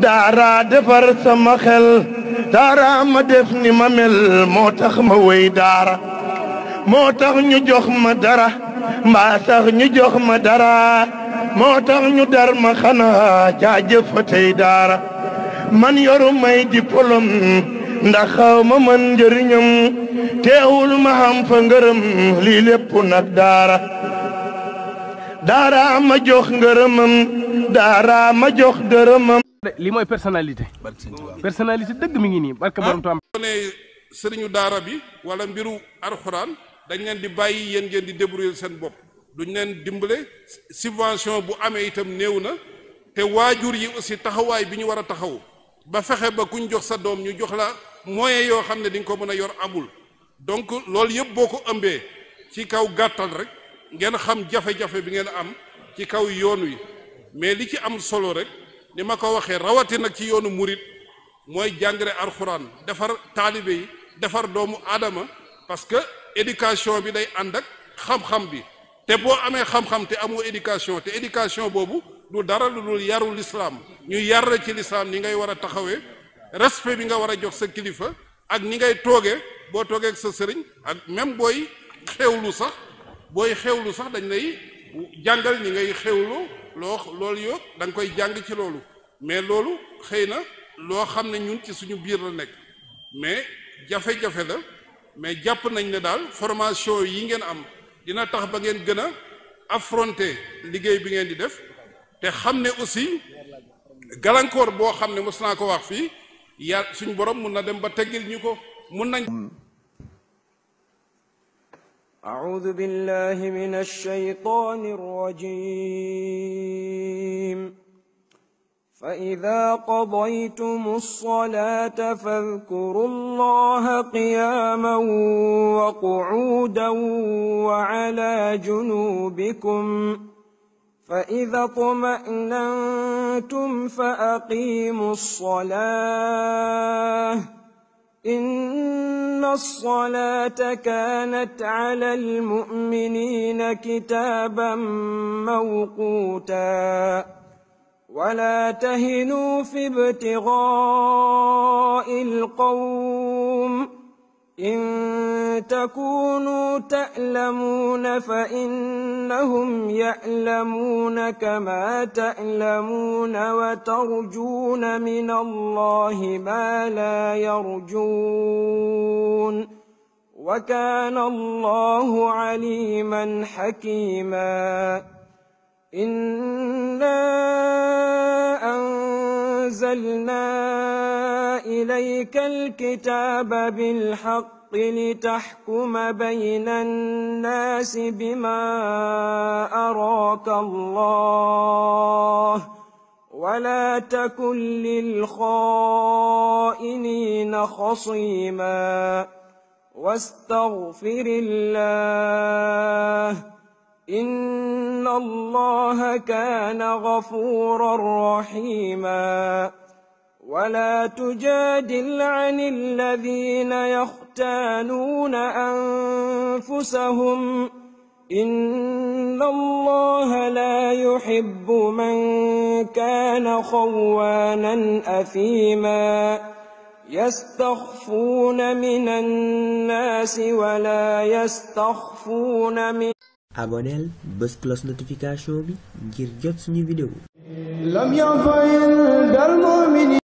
daara defar sama daara ma def ni ma mel moo tax ma wéy daara moo tax ñu jox ma dara mbaa ñu jox ma dara moo tax ñu dar ma xanaa jaajëfatey daara man yoru may diplôme ndax xaw ma man njëriñam teewul ma xam fa ngërëm lii lépp daara daara ma jox ngërëmam daara ma jox dërëmam de lii mooy personnalité. personnalité dëgg mu ngi nii barke borom Tuubaa. boo nee sëriñu daara bi wala mbiru alxuraan dañ leen di bàyyi yéen ngeen di débrouiller seen bopp duñ leen dimbale subvention bu amee itam néew na te waajur yi aussi taxawaay bi ñu war a taxaw ba fexe ba kuñ jox sa doom ñu jox la moyen yoo xam ne di nga ko mën a yor amul donc loolu yëpp boo ko ëmbee ci kaw gàttal rek ngeen xam jafe-jafe bi ngeen am ci kaw yoon wi mais li ci am solo rek. ni ma ko waxee rawatina ci yoonu murit mooy jàngale alxuraan defar taalibe yi defar doomu aadama parce que éducation bi day ànd ak xam-xam bi te boo amee xam-xam te amoo éducation te éducation boobu du dara lu dul yaru lislaam ñu yar ci lislaam ni ngay war a respect bi nga war jox sa kilifa ak ni ngay toogee boo toogee ak sa sëriñ ak même booy xewlu sax booy xewlu sax dañ lay jàngal ñi ngay xewlu loo loolu yo da koy jàng ci loolu mais loolu xëy na loo xam ne ñun ci suñu biir la nekk mais jafe-jafe la mais jàpp nañ ne daal formation yi ngeen am dina tax ba ngeen gën a affronter liggéey bi ngeen di def te xam ne aussi gàllankoor boo xam ne mos naa ko wax fii ya suñu borom mun na dem ba teggil ñu ko mun nañ أعوذ بالله من الشيطان الرجيم فإذا قضيتم الصلاة فاذكروا الله قياما وقعودا وعلى جنوبكم فإذا طمأننتم فأقيموا الصلاة إن الصلاة كانت على المؤمنين كتابا موقوتا ولا تهنوا في ابتغاء القوم إن تكونوا تألمون فإنهم يألمون كما تألمون وترجون من الله ما لا يرجون وكان الله عليما حكيما إنا أنزلنا إليك الكتاب بالحق لتحكم بين الناس بما أراك الله ولا تكن للخائنين خصيما واستغفر الله إن الله كان غفورا رحيما ولا تجادل عن الذين يختانون أنفسهم إن الله لا يحب من كان خوانا أثيما يستخفون من الناس ولا يستخفون من abonneel bës cloche notification bi ngir jot suñu vidéo lam yanfa'il dal